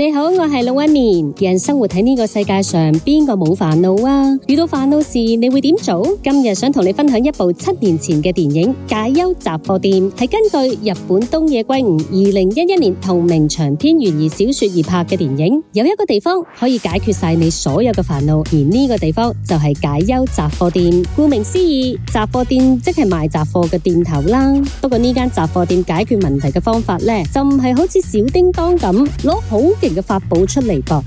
你好，我係龍紋敏。人生活喺呢個世界上，邊個冇煩惱啊？遇到煩惱時，你會點做？今日想同你分享一部七年前嘅電影《解憂雜貨店》，係根據日本東野圭吾二零一一年同名長篇懸疑小說而拍嘅電影。有一個地方可以解決晒你所有嘅煩惱，而呢個地方就係解憂雜貨店。顧名思義，雜貨店即係賣雜貨嘅店頭啦。不過呢間雜貨店解決問題嘅方法呢，就唔係好似小叮噹咁攞好嘅法寶出嚟噃，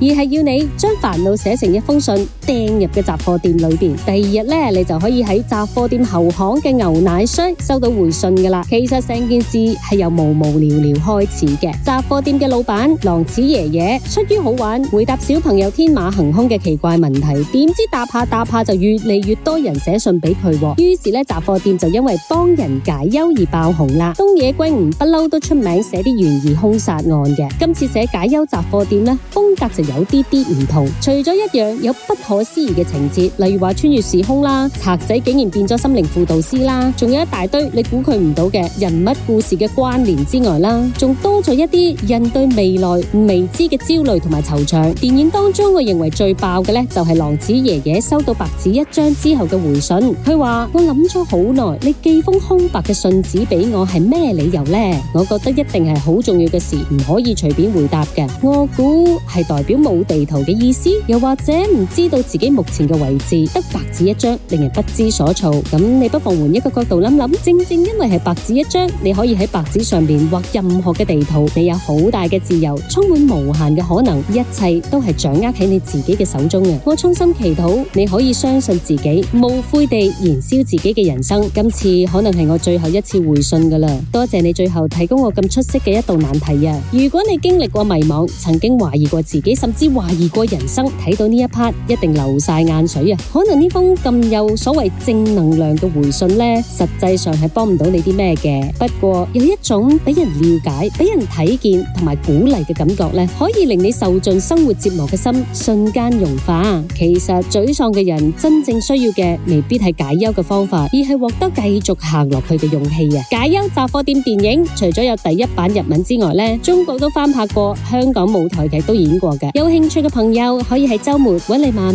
而係要你將煩惱寫成一封信。掟入嘅雜貨店裏邊，第二日呢，你就可以喺雜貨店後巷嘅牛奶箱收到回信噶啦。其實成件事係由無無聊聊開始嘅。雜貨店嘅老闆浪矢爺爺出於好玩，回答小朋友天馬行空嘅奇怪問題，點知答下答下就越嚟越多人寫信俾佢啊。於是呢，雜貨店就因為幫人解憂而爆紅啦。東野圭吾不嬲都出名寫啲懸疑兇殺案嘅，今次寫解憂雜貨店呢，風格就有啲啲唔同，除咗一樣有不可私儀嘅情節，例如話穿越時空啦，賊仔竟然變咗心靈輔導師啦，仲有一大堆你估佢唔到嘅人物故事嘅關聯之外啦，仲多咗一啲人對未來未知嘅焦慮同埋惆悵。電影當中，我認為最爆嘅呢，就係浪矢爺爺收到白紙一張之後嘅回信，佢話我諗咗好耐，你寄封空白嘅信紙俾我係咩理由呢？我覺得一定係好重要嘅事，唔可以隨便回答嘅。我估係代表冇地圖嘅意思，又或者唔知道。自己目前嘅位置，得白紙一張，令人不知所措。咁你不妨換一個角度諗諗，正正因為係白紙一張，你可以喺白紙上面畫任何嘅地圖，你有好大嘅自由，充滿無限嘅可能，一切都係掌握喺你自己嘅手中啊！我衷心祈禱你可以相信自己，無悔地燃燒自己嘅人生。今次可能係我最後一次回信噶啦，多謝你最後提供我咁出色嘅一道難題啊！如果你經歷過迷茫，曾經懷疑過自己，甚至懷疑過人生，睇到呢一 part 一定，流曬眼水啊！可能呢封咁有所謂正能量嘅回信咧，實際上係幫唔到你啲咩嘅。不過有一種俾人了解、俾人睇見同埋鼓勵嘅感覺咧，可以令你受盡生活折磨嘅心瞬間融化。其實沮喪嘅人真正需要嘅，未必係解憂嘅方法，而係獲得繼續行落去嘅勇氣啊！解憂雜貨店電影除咗有第一版日文之外咧，中國都翻拍過，香港舞台劇都演過嘅。有興趣嘅朋友可以喺周末搵你慢。